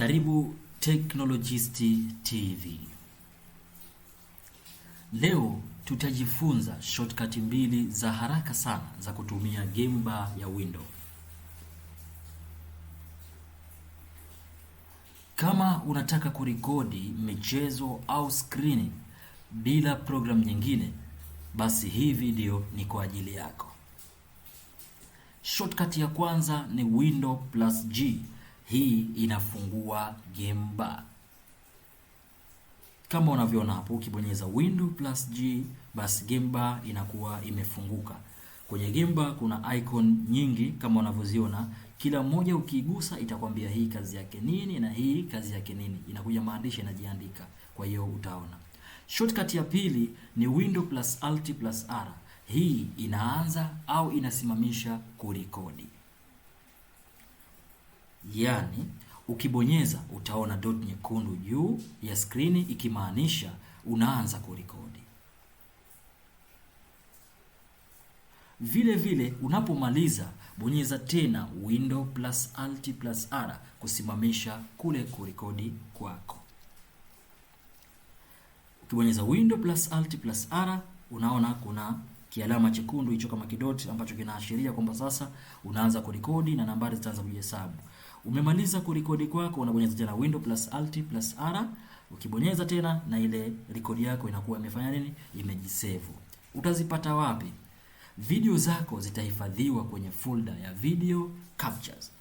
Karibu Technologist TV. Leo tutajifunza shortcut mbili za haraka sana za kutumia game bar ya Windows. Kama unataka kurekodi michezo au skrini bila programu nyingine, basi hii video ni kwa ajili yako. Shortcut ya kwanza ni Windows plus G hii inafungua game bar kama unavyoona hapo. Ukibonyeza window plus G, basi game bar inakuwa imefunguka. Kwenye game bar kuna icon nyingi kama unavyoziona, kila mmoja ukigusa itakwambia hii kazi yake nini na hii kazi yake nini, inakuja maandishi yanajiandika, kwa hiyo utaona. Shortcut ya pili ni window plus alt plus R. Hii inaanza au inasimamisha kurekodi yani ukibonyeza utaona dot nyekundu juu ya skrini ikimaanisha unaanza kurekodi. Vile vile unapomaliza bonyeza tena window plus alt plus r kusimamisha kule kurekodi kwako. Ukibonyeza window plus alt plus r unaona kuna kialama chekundu hicho kama kidoti ambacho kinaashiria kwamba sasa unaanza kurekodi na nambari zitaanza kujihesabu. Umemaliza kurekodi kwako, unabonyeza tena window plus alt plus r, ukibonyeza tena na ile rekodi yako inakuwa imefanya nini? Imejisave. Utazipata wapi? Video zako zitahifadhiwa kwenye folder ya video captures.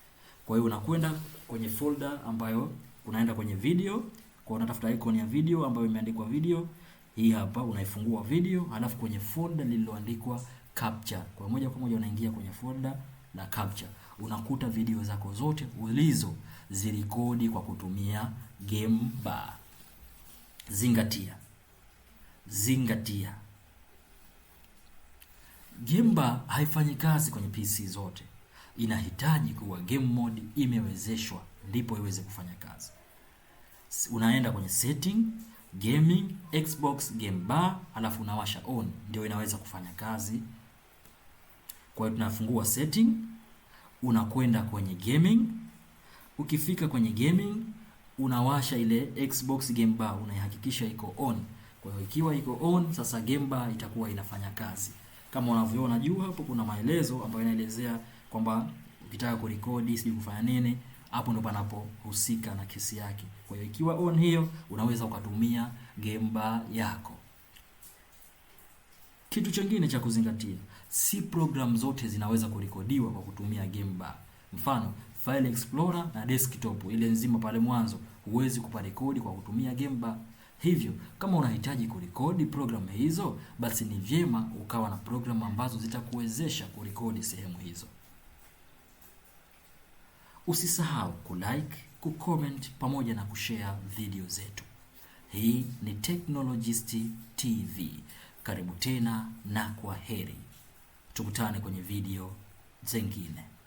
Kwa hiyo unakwenda kwenye folder ambayo unaenda kwenye video, kwa unatafuta icon ya video ambayo imeandikwa video hii hapa, unaifungua video, alafu kwenye folder lililoandikwa capture, kwa moja kwa moja unaingia kwenye folder la capture unakuta video zako zote ulizo zirikodi kwa kutumia game bar. Zingatia, zingatia, game bar haifanyi kazi kwenye PC zote, inahitaji kuwa game mode imewezeshwa ndipo iweze kufanya kazi. Unaenda kwenye setting gaming Xbox game bar, alafu unawasha on, ndio inaweza kufanya kazi. Kwa hiyo tunafungua setting unakwenda kwenye gaming. Ukifika kwenye gaming, unawasha ile Xbox game bar, unaihakikisha iko on. Kwa hiyo ikiwa iko on, sasa game bar itakuwa inafanya kazi kama unavyoona juu hapo. Kuna maelezo ambayo inaelezea kwamba ukitaka kurekodi sijui kufanya nini, hapo ndo panapohusika na kesi yake. Kwa hiyo ikiwa on hiyo, unaweza ukatumia game bar yako. Kitu chingine cha kuzingatia si program zote zinaweza kurekodiwa kwa kutumia game bar. Mfano, file explorer na desktop ile nzima pale mwanzo huwezi kuparekodi kwa kutumia game bar. Hivyo kama unahitaji kurekodi programu hizo, basi ni vyema ukawa na programu ambazo zitakuwezesha kurekodi sehemu hizo. Usisahau kulike, kucomment pamoja na kushare video zetu. Hii ni Technologist TV. Karibu tena na kwa heri. Tukutane kwenye video zingine.